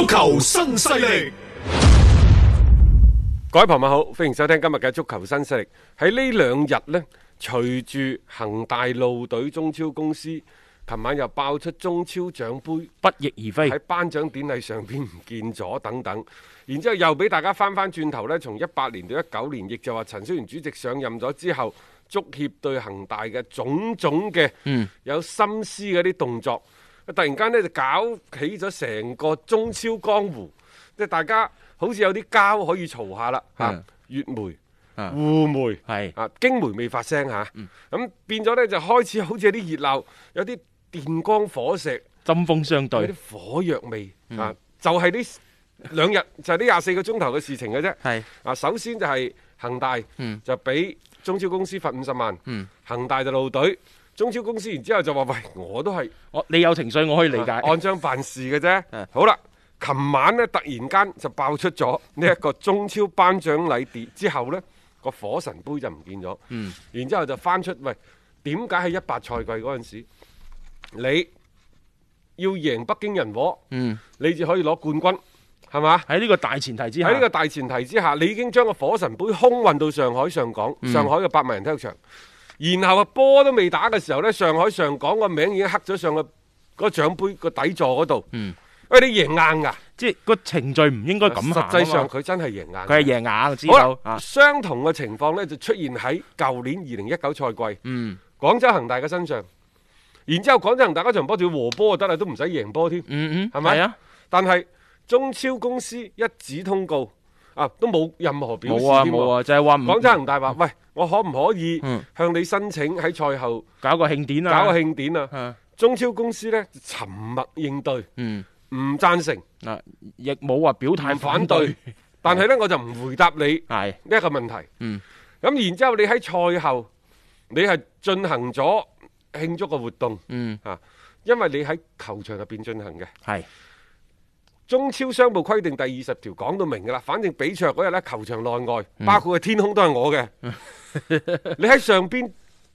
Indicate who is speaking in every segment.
Speaker 1: 足球新
Speaker 2: 勢力，各位朋友好，歡迎收聽今日嘅足球新勢力。喺呢兩日咧，隨住恒大老隊中超公司，琴晚又爆出中超獎杯不翼而飛，喺頒獎典禮上邊唔見咗等等。然之後又俾大家翻翻轉頭呢，從一八年到一九年，亦就話陳戌源主席上任咗之後，足協對恒大嘅種種嘅，嗯，有心思嘅啲動作。突然間咧就搞起咗成個中超江湖，即係大家好似有啲膠可以嘈下啦嚇，粵媒、滬媒係啊，京媒未發聲嚇，咁變咗咧就開始好似有啲熱鬧，有啲電光火石、針
Speaker 1: 鋒相
Speaker 3: 對，有啲
Speaker 2: 火藥味啊！就係呢兩日就係呢廿四個鐘頭嘅事情嘅啫。係啊，首先就係恒大就俾中超公司罰五十萬，恒大就怒隊。中超公司然之後就話：喂，我都係我你有情緒我可以理解，啊，按章辦事嘅啫。好啦，琴晚呢突然間就爆出咗呢一個中超頒獎禮跌之後呢，個 火神杯就唔見咗。嗯，然之後就翻出喂，點解喺一八賽季嗰陣時你要贏北京人和？嗯，你就可以攞冠軍係嘛？喺呢個大前提之喺呢個大前提之下，個大前提之下，嗯、你已經將個火神杯空運到上海上港上海嘅百萬人體育場。然後啊，波都未打嘅時候咧，上海上港個名已經刻咗上去個嗰獎杯個底座嗰度。嗯。喂、欸，你贏硬噶、啊，即係個程序唔應該咁行、啊。實際上佢真係贏硬、啊。佢係贏
Speaker 3: 硬，知道啊。
Speaker 2: 相同嘅情況呢就出現喺舊年二零一九賽季。嗯。廣州恒大嘅身上，然之後廣州恒大嗰場波就和波就得啦，都唔使贏波添。嗯嗯。係咪啊？但係中超公司一紙通告。啊，都冇任何表示。冇啊冇啊，就係話廣州恒大話、嗯：，喂，我可唔可以向你申請喺賽後搞個慶典啊？搞個慶典啊，啊！中超公司呢，沉默應對，唔、嗯、贊成，亦冇話表態反對。反對嗯、但係呢，我就唔回答你呢一個問題。咁、嗯啊、然之後，你喺賽後，你係進行咗慶祝嘅活動、嗯。啊，因為你喺球場入邊進行嘅。中超商部規定第二十條講到明嘅啦，反正比賽嗰日咧，球場內外包括個天空都係我嘅。你喺上邊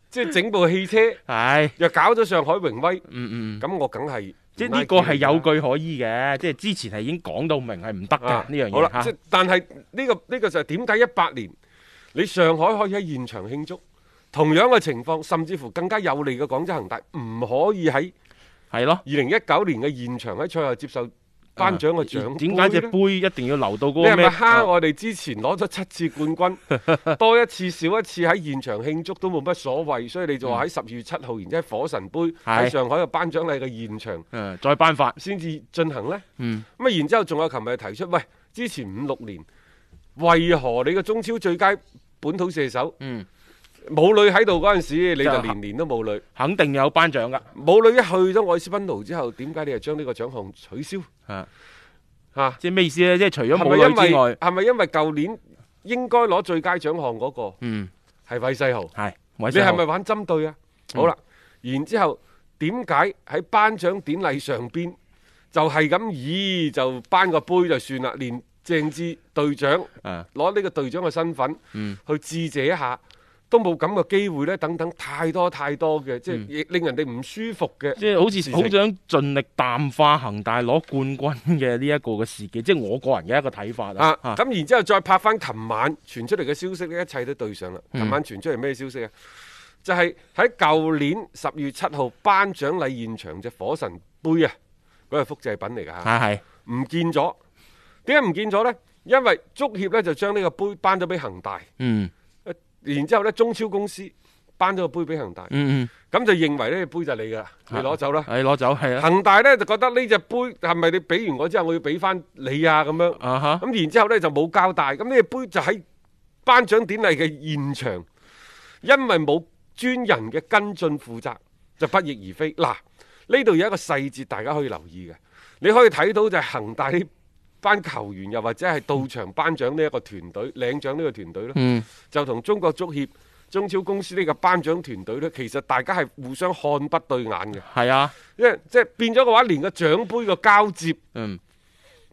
Speaker 2: 即係整部汽車，係又搞咗上海榮威，嗯嗯，咁我梗係即係呢個係有據可依嘅，
Speaker 1: 即係之前係已經講到明係唔得嘅呢樣嘢。好啦，即係
Speaker 2: 但係呢個呢個就係點解一八年你上海可以喺現場慶祝，同樣嘅情況，甚至乎更加有利嘅廣州恒大唔可以喺係咯二零一九年嘅現場喺賽後接受。頒獎嘅獎點解隻杯
Speaker 1: 一定要留到嗰個咩？你係咪蝦我
Speaker 2: 哋，之前攞咗七次冠軍，多一次少一次喺現場慶祝都冇乜所謂，所以你就話喺十二月七號，然之後喺火神杯喺上海嘅頒獎禮嘅現場，再頒發先至進行呢？咁啊，然之後仲有琴日提出，喂，之前五六年為何你嘅中超最佳本土射手？嗯。武磊喺度嗰陣時，你就年年都武磊，肯定有頒獎㗎。武磊一去咗愛斯賓奴之後，點解你又將呢個獎項取消？
Speaker 1: 啊，吓即係咩意思咧？即係除
Speaker 3: 咗武磊之外，
Speaker 2: 係咪因為舊年應該攞最佳獎項嗰個？嗯，係韋世豪，係你係咪玩針對啊？好啦，然之後點解喺頒獎典禮上邊就係咁，咦就頒個杯就算啦？連鄭智隊長攞呢個隊長嘅身份，嗯，去致謝一下。都冇咁嘅機會咧，等等太多太多嘅，即、嗯、係令人哋唔舒服嘅。即、嗯、係、就是、好似好想
Speaker 1: 盡力淡化恒大攞冠軍嘅呢一個嘅事件，即、就、係、是、我個人嘅一個睇法啊。咁、
Speaker 2: 啊、然之後再拍翻琴晚傳出嚟嘅消息咧，一切都對上啦。琴、嗯、晚傳出嚟咩消息啊？就係喺舊年十月七號頒獎禮現場，隻火神杯啊，嗰個複製品嚟㗎嚇，唔見咗。點解唔見咗呢？因為足協咧就將呢個杯頒咗俾恒大。嗯。然之後咧，中超公司頒咗個杯俾恒大，咁、嗯嗯、就認為咧，杯就係你噶啦、啊，你攞走啦。
Speaker 1: 係、啊、攞走，係啊！恒
Speaker 2: 大咧就覺得呢隻杯係咪你俾完我之後，我要俾翻你啊？咁樣，咁、啊、然之後咧就冇交帶，咁呢隻杯就喺頒獎典禮嘅現場，因為冇專人嘅跟進負責，就不翼而飛。嗱、啊，呢度有一個細節大家可以留意嘅，你可以睇到就係恒大啲。班球員又或者係到場頒獎呢一個團隊、嗯、領獎呢個團隊咧，就同中國足協中超公司呢個頒獎團隊咧，其實大家係互相看不對眼嘅。
Speaker 3: 係啊，因
Speaker 2: 為即係變咗嘅話連個獎杯個交接，嗯，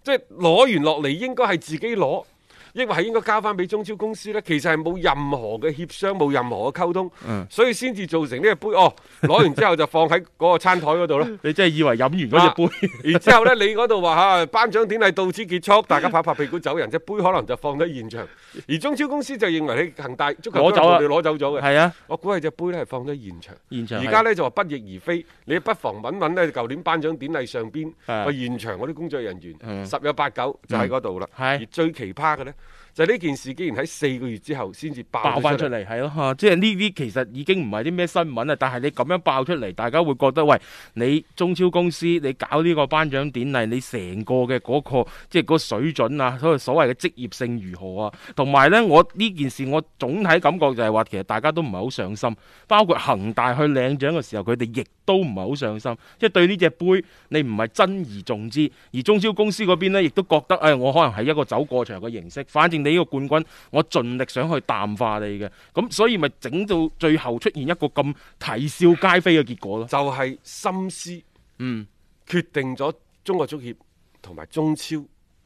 Speaker 2: 即係攞完落嚟應該係自己攞，亦或係應該交翻俾中超公司呢？其實係冇任何嘅協商，冇任何嘅溝通，嗯、所以先至造成呢隻杯哦。攞完之後就放喺嗰個餐台嗰度咯。 你真係以為飲完嗰隻杯？然、啊、之後呢，你嗰度話嚇，頒、啊、獎典禮到此結束，大家拍拍屁股走人，隻 杯可能就放喺現場。而中超公司就認為你恒大足球隊攞走你攞走咗嘅。係啊，我估係隻杯咧係放喺現場。現場現在就不而家呢就話不翼而飛，你不妨揾揾呢舊年頒獎典禮上邊個、啊、現場嗰啲工作人員，十有八九就喺嗰度啦。而最奇葩嘅呢。就呢件事，竟然喺四個月之後先至
Speaker 1: 爆翻出嚟，係咯吓，即係呢啲其實已經唔係啲咩新聞啊，但係你咁樣爆出嚟，大家會覺得喂，你中超公司你搞呢個頒獎典禮，你成個嘅嗰個即係個水準啊，所謂所謂嘅職業性如何啊？同埋咧，我呢件事我總體感覺就係話，其實大家都唔係好上心，包括恆大去領獎嘅時候，佢哋亦都唔係好上心，即係對呢隻杯你唔係珍而重之，而中超公司嗰邊咧亦都覺得誒，我可能係一個走過場嘅形式，反正。你呢個冠軍，我盡力想去淡化你嘅。咁所以咪整到最後出現一個咁啼笑皆非嘅結果咯。就係、是、心思，嗯，決定咗
Speaker 2: 中國足協同埋中超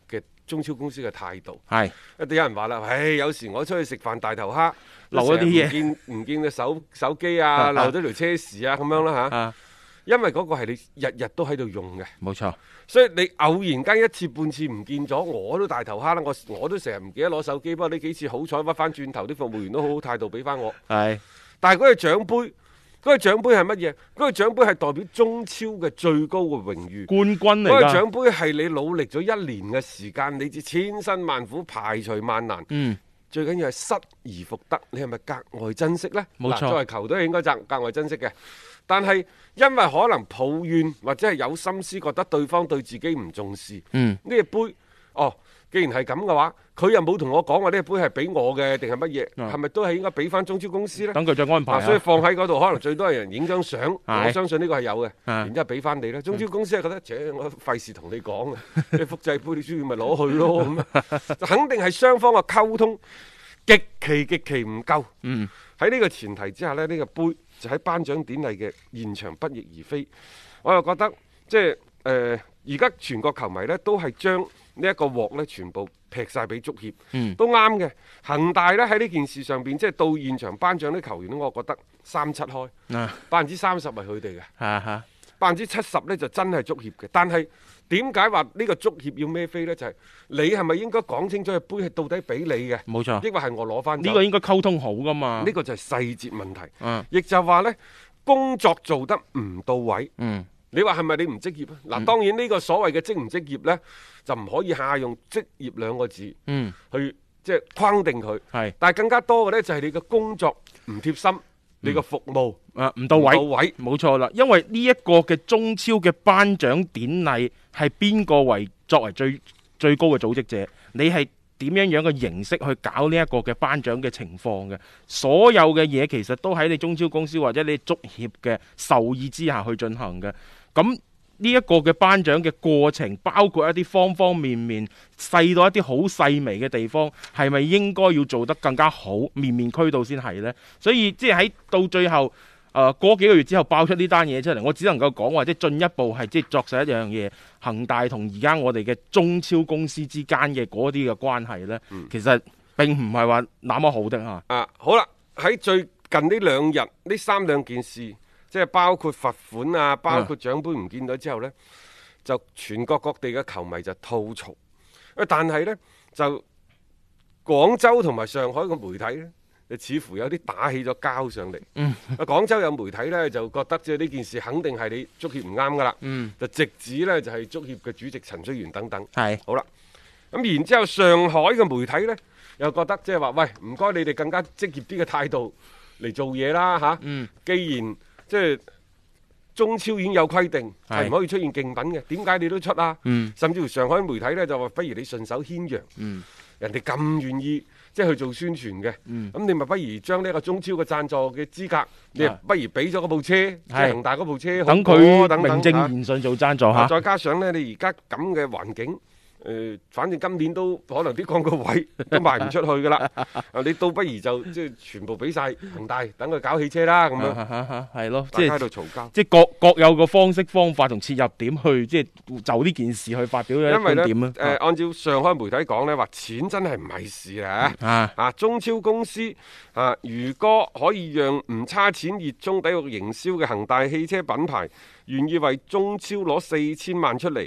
Speaker 2: 嘅中超公司嘅態度。係一定有人話啦，唉、哎，有時我出去食飯大頭蝦，漏咗啲嘢，見唔見個手手機啊，漏咗條車匙啊，咁、啊啊、樣啦、啊、吓。因為嗰個係你日日都喺度用嘅，冇錯。所以你偶然間一次半次唔見咗，我都大頭蝦啦。我我都成日唔記得攞手機，不過呢幾次好彩，搵翻轉頭啲服務員都好好態度，俾翻我。係。但係嗰個獎杯，嗰個獎杯係乜嘢？嗰個獎杯係代表中超嘅最高嘅榮譽，冠軍嚟。嗰個獎杯係你努力咗一年嘅時間，你至千辛萬苦排除萬難。嗯。最緊要係失而復得，你係咪格外珍惜呢？冇錯。作為球隊應該讚格外珍惜嘅。但係，因為可能抱怨或者係有心思覺得對方對自己唔重視，呢、嗯隻、杯哦，既然係咁嘅話，佢又冇同我講話呢隻杯係俾我嘅定係乜嘢，係咪、嗯、都係應該俾翻中超公司呢？等佢再安排、啊啊。所以放喺嗰度，可能最多係人影張相。我相信呢個係有嘅、啊，然之後俾翻你咧。中超公司係覺得，切、嗯呃、我費事同你講，你複製杯你都要咪攞去咯咁。 肯定係雙方嘅溝通極其極其唔夠。喺、嗯、呢個前提之下呢，呢、這個杯就喺頒獎典禮嘅現場不翼而飛，我又覺得即係誒而家全國球迷呢，都係將呢一個鑊呢，全部劈晒俾足協，嗯，都啱嘅。恒大呢喺呢件事上邊，即係到現場頒獎啲球員，我覺得三七開，啊，百分之三十係佢哋嘅，百分之七十呢就真係足協嘅，但係。點解話呢個足協要孭飛呢？就係、是、你係咪應該講清楚杯係到底俾你嘅？冇錯，抑或係我攞翻。呢、這個應該溝
Speaker 1: 通好噶嘛？呢、這
Speaker 2: 個就係細節問題。亦、嗯、就話呢，工作做得唔到位。嗯，你話係咪你唔職業啊？嗱、嗯、當然呢個所謂嘅職唔職業呢，就唔可以下用職業兩個字。嗯，去
Speaker 1: 即係框定佢。係，但係更加多嘅呢，就係你嘅工作唔貼心。你個服務啊唔、嗯、到位，冇錯啦。因為呢一個嘅中超嘅頒獎典禮係邊個為作為最最高嘅組織者？你係點樣樣嘅形式去搞呢一個嘅頒獎嘅情況嘅？所有嘅嘢其實都喺你中超公司或者你足協嘅授意之下去進行嘅。咁呢、這、一個嘅頒獎嘅過程，包括一啲方方面面，細到一啲好細微嘅地方，係咪應該要做得更加好，面面俱到先係呢。所以即係喺到最後，誒、呃、過幾個月之後爆出呢單嘢出嚟，我只能夠講話，即係進一步係即係作實一樣嘢，恒大同而家我哋嘅中超公司之間嘅嗰啲嘅關係呢、嗯，其實並唔係話那麼好的嚇、
Speaker 2: 啊。好啦，喺最近呢兩日呢，三兩件事。即係包括罰款啊，包括獎杯唔見咗之後呢、嗯，就全國各地嘅球迷就吐槽。但係呢，就廣州同埋上海嘅媒體呢，就似乎有啲打起咗交上嚟。
Speaker 3: 嗯。
Speaker 2: 啊，廣州有媒體呢，就覺得即係呢件事肯定係你足協唔啱噶啦。嗯。就直指呢就係、是、足協嘅主席陳水元等等。係。好啦，咁然之後上海嘅媒體呢，又覺得即係話喂，唔該你哋更加職業啲嘅態度嚟做嘢啦嚇、嗯。既然即係中超已經有規定係唔可以出現競品嘅，點解你都出啊？嗯、甚至乎上海媒體呢，就話，不如你順手牽羊，嗯、人哋咁願意即係、就是、去做宣傳嘅，咁、嗯、你咪不如將呢個中超嘅贊助嘅資格、嗯，你不如俾咗嗰部車，恒大嗰部車，等佢等名正言
Speaker 1: 順做贊助吓、啊。再
Speaker 2: 加上呢，你而家咁嘅環境。誒、呃，反正今年都可能啲廣告位都賣唔出去噶啦、 啊，你倒不如就即係全部俾晒恒大，等佢搞汽車啦咁樣係咯， 即係喺度嘈交，即
Speaker 1: 係各各有個方式方法同切入點去，即係就呢件事去發表一因一點啊。誒、啊，
Speaker 2: 按照上海媒體講呢話錢真係唔係事啊，啊！啊，中超公司啊，如果可以讓唔差錢熱衷體育營銷嘅恒大汽車品牌願意為中超攞四千萬出嚟。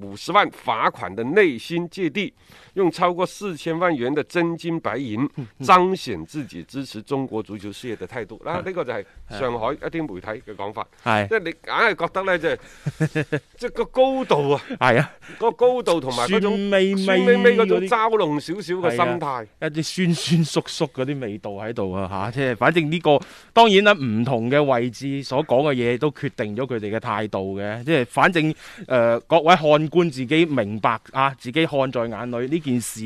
Speaker 2: 五十萬罰款的內心芥蒂，用超過四千萬元的真金白銀彰顯自己支持中國足球事業的態度啦！呢、 啊呢個就係上海一啲媒體嘅講法，
Speaker 3: 係
Speaker 1: 即
Speaker 2: 係你硬係覺得咧，即係即係個高度啊，係 啊，個高度同埋嗰種美美酸味味味味種嘲弄少少嘅心態，
Speaker 1: 啊、一啲酸酸縮縮啲味道喺度啊吓！即係反正呢、呢個當然啦，唔同嘅位置所講嘅嘢都決定咗佢哋嘅態度嘅，即係反正誒、呃，各位看。觀自己明白啊，自己看在眼裏呢件事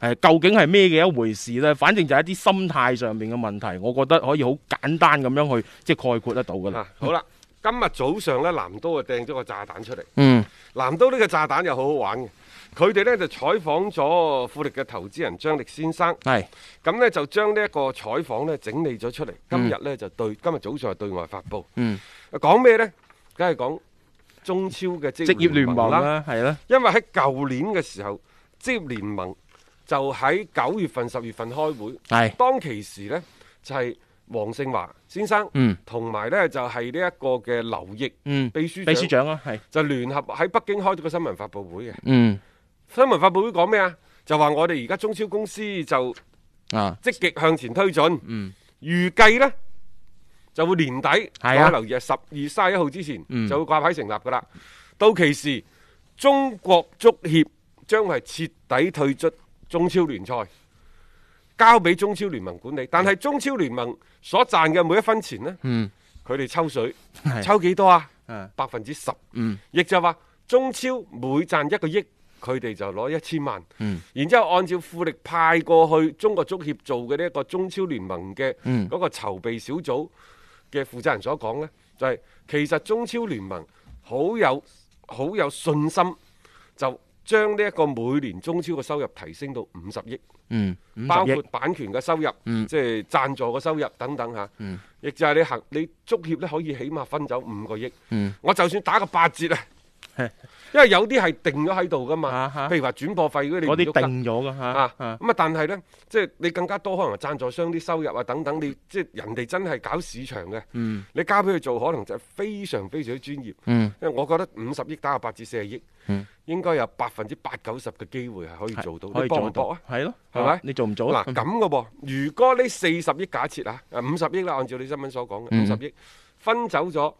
Speaker 1: 係、啊、究竟係咩嘅一回事呢？反正就係一啲心態上面嘅問題，我覺得可以好簡單咁樣去即係、就是、概括得到噶啦、啊。
Speaker 2: 好啦，嗯、今日早上呢，南都啊掟咗個炸彈出嚟。嗯，南都呢個炸彈又好好玩嘅，佢哋呢就採訪咗富力嘅投資人張力先生。係咁咧，就將呢一個採訪咧整理咗出嚟。今日呢，就對今日早上係對外發佈。嗯，講咩呢？梗係講。中超嘅職業聯盟啦，係咯，因為喺舊年嘅時候，職業聯盟就喺九月份、十月份開會，係當其時呢就係黃聖華先生，嗯，同埋呢就係呢一個嘅劉奕，嗯，秘書秘書長啊，係就聯合喺北京開咗個新聞發佈會嘅，嗯，新聞發佈會講咩啊？就話我哋而家中超公司就啊積極向前推進，嗯，預計呢。就會年底大家、啊、留意，係十二三一號之前、嗯、就會掛牌成立噶啦。到期時，中國足協將係徹底退出中超聯賽，交俾中超聯盟管理。但係中超聯盟所賺嘅每一分錢呢，佢、嗯、哋抽水，抽幾多啊？百分之十，亦、嗯、就話中超每賺一個億，佢哋就攞一千萬。嗯、然之後按照富力派過去中國足協做嘅呢一個中超聯盟嘅嗰個籌備小組。嗯嗯嘅負責人所講呢，就係、是、其實中超聯盟好有好有信心，就將呢一個每年中超嘅收入提升到五十億。
Speaker 3: 嗯、五十億，包括
Speaker 2: 版權嘅收入，即係贊助嘅收入等等嚇。亦、嗯、就係你行你足協咧，可以起碼分走五個億、嗯。我就算打個八折啊！因為有啲係定咗喺度噶嘛、啊啊，譬如話轉播費嗰啲，定
Speaker 3: 咗
Speaker 1: 噶
Speaker 2: 咁啊，啊，啊但係咧，即係你更加多可能贊助商啲收入啊等等，你即係人哋真係搞市場嘅、嗯，你交俾佢做可能就係非常非常之專業、嗯，因為我覺得五十億打落八至四十億，應該有百分之八九十嘅機會係可以做到，可以做到啊，係咯，係咪？你
Speaker 1: 做唔做啊？嗱咁
Speaker 2: 嘅，如果呢四十億假設啊，五十億啦，按照你新聞所講嘅五十億分走咗。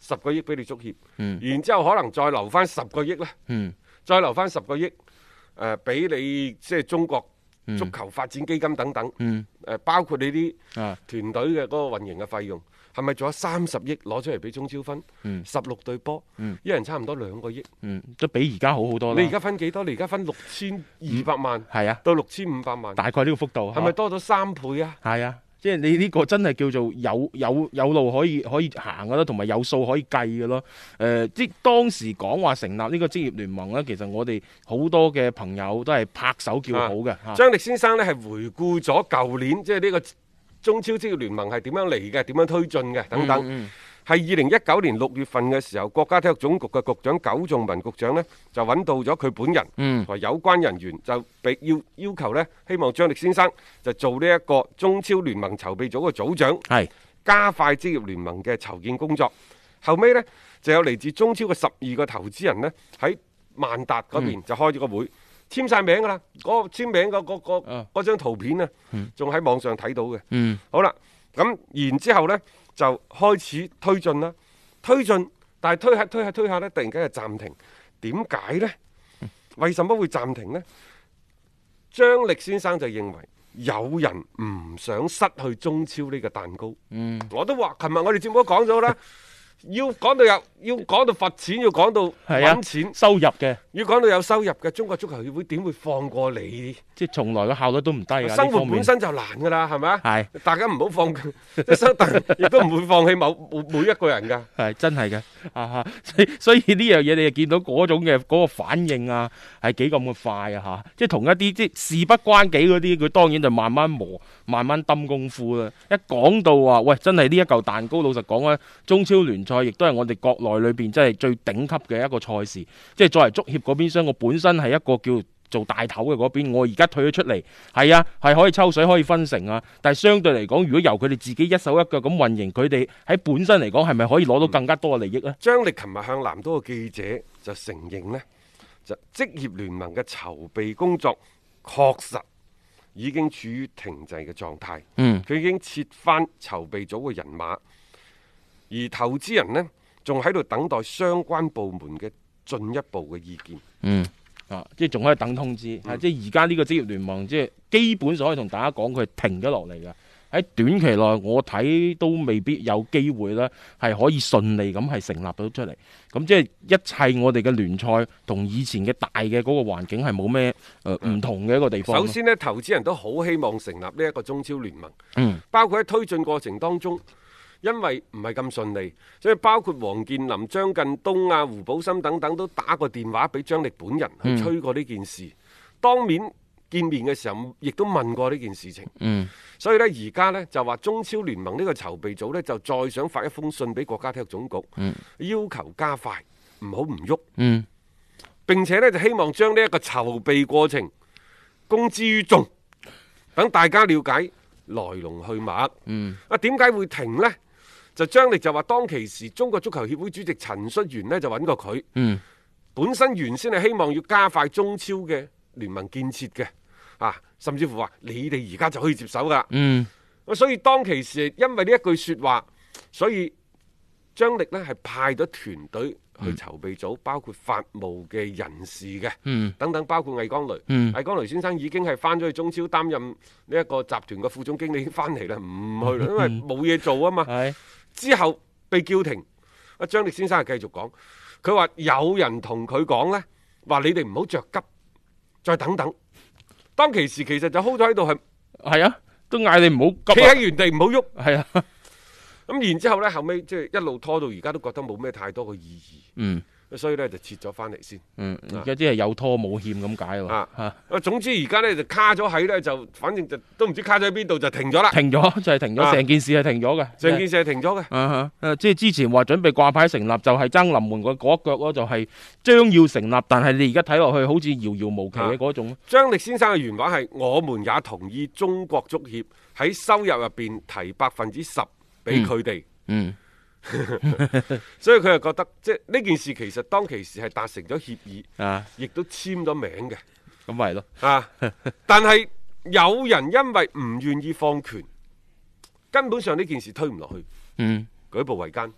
Speaker 2: 十個億俾你足協，然之後可能再留翻十個億咧，再留翻十個億，誒俾你即係中國足球發展基金等等，誒包括你啲團隊嘅嗰個運營嘅費用，係咪仲有三十億攞出嚟俾中超分？十六隊波，一人差唔多兩個億，
Speaker 1: 都比而家好好多啦。你而家
Speaker 2: 分幾多？你而家分六
Speaker 1: 千二百萬，係啊，到六千五百萬，大概呢個幅度。係咪
Speaker 2: 多咗三倍啊？
Speaker 1: 係啊。即係你呢個真係叫做有有有路可以可以行噶啦，同埋有數可以計噶咯。誒、呃，即係當時講話成立呢個職業聯盟咧，其實我哋好多嘅朋友都係拍手叫好嘅。啊、張
Speaker 2: 力先生咧係回顧咗舊年，即係呢個中超職業聯盟係點樣嚟嘅，點樣推進嘅等等。嗯嗯係二零一九年六月份嘅時候，國家體育總局嘅局長苟仲文局長咧就揾到咗佢本人，同有關人員就俾要要求咧，希望張力先生就做呢一個中超聯盟籌備組嘅組長，係加快職業聯盟嘅籌建工作。後尾咧就有嚟自中超嘅十二個投資人咧喺萬達嗰邊就開咗個會，簽晒名噶啦，嗰個簽名嘅嗰個嗰張圖片啊，仲喺網上睇到嘅。嗯，好啦，咁然之後咧。就開始推進啦，推進，但係推下推下推下呢，突然間就暫停，點解呢？為什麼會暫停呢？張力先生就認為有人唔想失去中超呢個蛋糕，嗯、我都話，琴日我哋節目講咗啦。 要講到有，要講到罰錢，要講到揾
Speaker 1: 錢收入嘅，
Speaker 2: 要講到有收入嘅，中國足
Speaker 1: 球協會點會放過你？即係從來嘅，效率都唔低嘅方面。生活本身
Speaker 2: 就難噶啦，係咪啊？係，
Speaker 1: 大家唔好放，亦都唔會放棄某每每一個人噶。係真係嘅，啊吓，所以呢樣嘢你就見到嗰種嘅嗰個反應啊，係幾咁嘅快啊吓！即係同一啲即係事不關己嗰啲，佢當然就慢慢磨，慢慢抌功夫啦。一講到話，喂，真係呢一嚿蛋糕，老實講啊，中超聯。賽亦都係我哋國內裏邊真係最頂級嘅一個賽事，即係作為足協嗰邊商，我本身係一個叫做大頭嘅嗰邊，我而家退咗出嚟，係啊，係可以抽水，可以分成啊。但係相對嚟講，如果由佢哋自己一手一腳咁運營，佢哋喺本身嚟講係咪可以攞到更加多嘅利益呢？
Speaker 2: 張力琴日向南都嘅記者就承認呢就職業聯盟嘅籌備工作確實已經處於停滯嘅狀態。嗯，佢已經撤翻籌備組嘅人馬。而投資人呢，仲喺度等待相關部門嘅進一步嘅
Speaker 1: 意見。嗯，啊，即係仲喺度等通知。即係而家呢個職業聯盟，即係基本上可以同大家講，佢係停咗落嚟嘅。喺短期內，我睇都未必有機會咧，係可以順利咁係成立到出嚟。咁即係一切，我哋嘅聯賽同以前嘅大嘅嗰個環境係冇咩誒唔同嘅一個地方。首先
Speaker 2: 呢，投資人都好希望成立呢一個中超聯盟。嗯，包括喺推進過程當中。因為唔係咁順利，所以包括王健林、張近東啊、胡葆森等等，都打過電話俾張力本人去催、嗯、過呢件事。當面見面嘅時候，亦都問過呢件事情。嗯，所以現在呢而家呢就話中超聯盟呢個籌備組呢，就再想發一封信俾國家體育總局，嗯、要求加快，唔好唔喐。嗯，並且呢就希望將呢一個籌備過程公之於眾，等大家了解來龍去脈。嗯，啊點解會停呢？就張力就話當其時，中國足球協會主席陳戌源呢，就揾過佢。
Speaker 3: 嗯，
Speaker 2: 本身原先係希望要加快中超嘅聯盟建設嘅，啊，甚至乎話你哋而家就可以接手噶。
Speaker 3: 嗯，
Speaker 2: 咁所以當其時，因為呢一句說話，所以張力呢係派咗團隊去籌備組、嗯，包括法務嘅人士嘅、嗯，等等，包括魏光雷，嗯、魏光雷先生已經係翻咗去中超擔任呢一個集團嘅副總經理翻嚟啦，唔去啦，因為冇嘢做啊嘛。 之後被叫停，阿張力先生係繼續講，佢話有人同佢講咧，話你哋唔好着急，再等等。當其時其實就 hold 咗喺度係，係啊，都嗌你唔好企喺原
Speaker 1: 地唔好喐，係啊。
Speaker 2: 咁然之後咧，後尾即係一路拖到而家都覺得冇咩太多嘅意義。嗯。所以咧就切咗翻嚟先。嗯，
Speaker 1: 有啲係有拖冇欠咁解喎。啊，
Speaker 2: 總之而家咧就卡咗喺咧，就反正就都唔知卡咗喺邊度，就是、停咗啦。停咗就係停咗，成
Speaker 1: 件事係停咗嘅。成件事係停咗嘅、啊啊啊。即係之前話準備掛牌成立，就係爭臨門個嗰一腳就係、是、將要成立，但係你而家睇落去好似遙遙無期嘅嗰種。
Speaker 2: 張、啊、力先生嘅原話係：我們也同意中國足協喺收入入邊提百分之十俾佢哋。
Speaker 3: 嗯。嗯
Speaker 2: 所以佢就覺得，即係呢件事其實當其時係達成咗協議啊，亦都簽咗名嘅，咁咪咯啊。嗯，但係有人因為唔願意放權，根本上呢件事推唔落去，嗯，舉步維艱，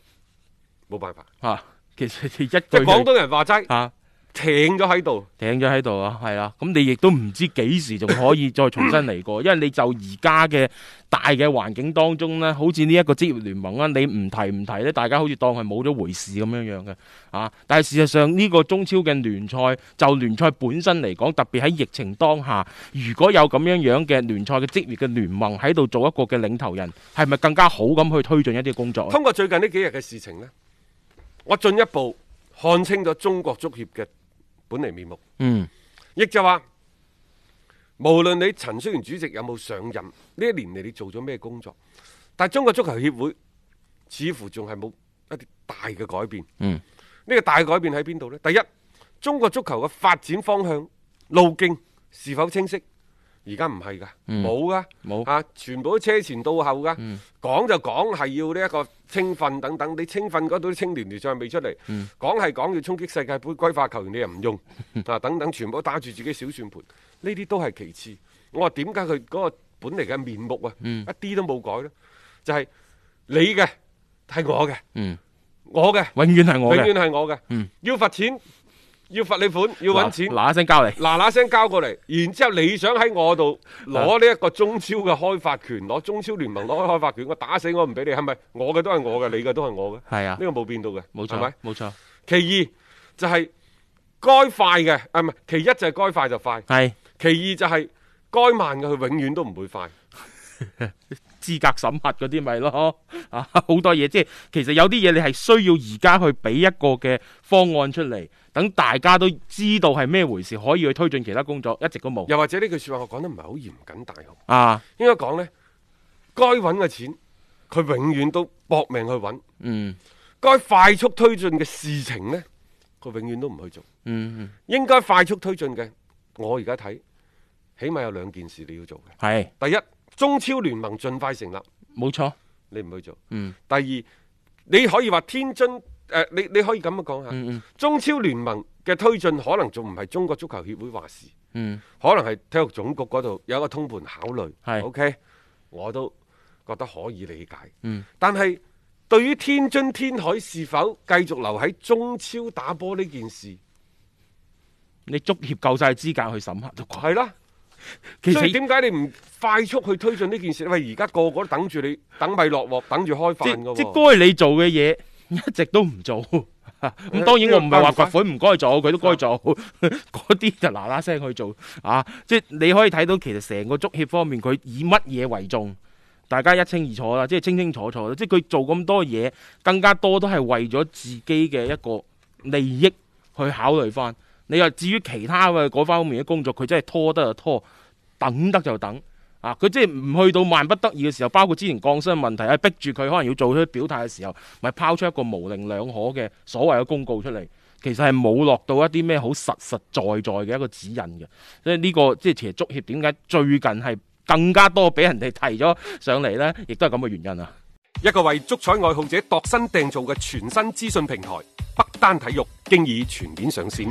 Speaker 2: 冇辦法
Speaker 1: 啊。其實一句即係廣東人話齋啊。停咗喺度，停咗喺度啊，係啊，咁你亦都唔知幾時仲可以再重新嚟過， 因為你就而家嘅大嘅環境當中咧，好似呢一個職業聯盟啊，你唔提唔提咧，大家好似當係冇咗回事咁樣樣嘅啊！但係事實上呢個中超嘅聯賽，就聯賽本身嚟講，特別喺疫情當下，如果有咁樣樣嘅聯賽嘅職業嘅聯盟喺度做一個嘅領頭人，係咪更加好咁去推進一啲工作？通
Speaker 2: 過最近呢幾日嘅事情咧，我進一步看清咗中國足協嘅。本嚟面目，
Speaker 3: 嗯，
Speaker 2: 亦就話，無論你陳戌源主席有冇上任呢一年嚟，你做咗咩工作？但係中國足球協會似乎仲係冇一啲大嘅改變，嗯，呢個大改變喺邊度呢？第一，中國足球嘅發展方向路徑是否清晰？而家唔係噶，冇、嗯、噶，冇啊，啊！全部都車前到後噶、嗯，講就講係要呢一個青訓等等，你青訓嗰度啲青年人仲未出嚟、嗯，講係講要衝擊世界杯歸化球員，你又唔用、嗯、啊！等等，全部都打住自己小算盤，呢啲都係其次。我話點解佢嗰個本嚟嘅面目啊，嗯、一啲都冇改呢？就係、是、你嘅係我嘅、嗯，我嘅
Speaker 1: 永遠
Speaker 3: 係我嘅，永遠係我嘅、嗯，
Speaker 2: 要罰錢。要罰你款，要搵錢，嗱嗱聲交嚟，嗱嗱聲交過嚟，然之後你想喺我度攞呢一個中超嘅開發權，攞中超聯盟攞開開發權，我打死我唔俾你，係咪？我嘅都係我嘅，你嘅都係我嘅，係啊，呢個冇變到嘅，冇錯，係咪？冇錯。其二就係該快嘅，誒唔係，其一就係該快
Speaker 1: 就快，係，其二就係該慢嘅，佢永遠都唔會快。資格審核嗰啲咪咯，啊好多嘢即係其實有啲嘢你係需要而家去俾一個嘅方案出嚟，等大家都知道係咩回事，可以去推進其他工作，一直都冇。又
Speaker 2: 或者呢句說話我講得唔係好嚴謹，大雄啊，應該講呢，該揾嘅錢佢永遠都搏命去揾，嗯，該快速推進嘅事情呢，佢永遠都唔去做，嗯，
Speaker 1: 嗯，
Speaker 2: 應該快速推進嘅，我而家睇起碼有兩件事你要做嘅，係第一。中超聯盟盡快成立，冇錯，你唔去做。嗯，第二，你可以話天津誒、呃，你你可以咁樣講下、嗯嗯。中超聯盟嘅推進可能仲唔係中國足球協會話事，嗯，可能係體育總局嗰度有一個通盤考慮。係，OK，我都覺得可以理解。嗯，但係對於天津天海是否繼續留喺中超打波呢件事，你足協夠晒資格
Speaker 1: 去審核就
Speaker 2: 係啦。其實所以點解你唔快速去推進呢件事？喂，而家個個都等住你，等咪落鑊，等住開飯。即係該
Speaker 1: 你做嘅嘢，一直都唔做。咁當然我唔係話罰款唔該做，佢都該做。嗰、啊、啲就嗱嗱聲去做啊！即係你可以睇到，其實成個足協方面，佢以乜嘢為重？大家一清二楚啦，即係清清楚楚。即係佢做咁多嘢，更加多都係為咗自己嘅一個利益去考慮翻。你話至於其他嘅嗰方面嘅工作，佢真係拖得就拖，等得就等啊！佢真係唔去到萬不得已嘅時候，包括之前降薪嘅問題，係逼住佢可能要做出表態嘅時候，咪拋出一個模棱兩可嘅所謂嘅公告出嚟，其實係冇落到一啲咩好實實在在嘅一個指引嘅。所以呢個即係其實足協點解最近係更加多俾人哋提咗上嚟呢？亦都係咁嘅原因啊！
Speaker 2: 一個為足彩愛好者度身訂造嘅全新資訊平台北單體育，經已全面上線。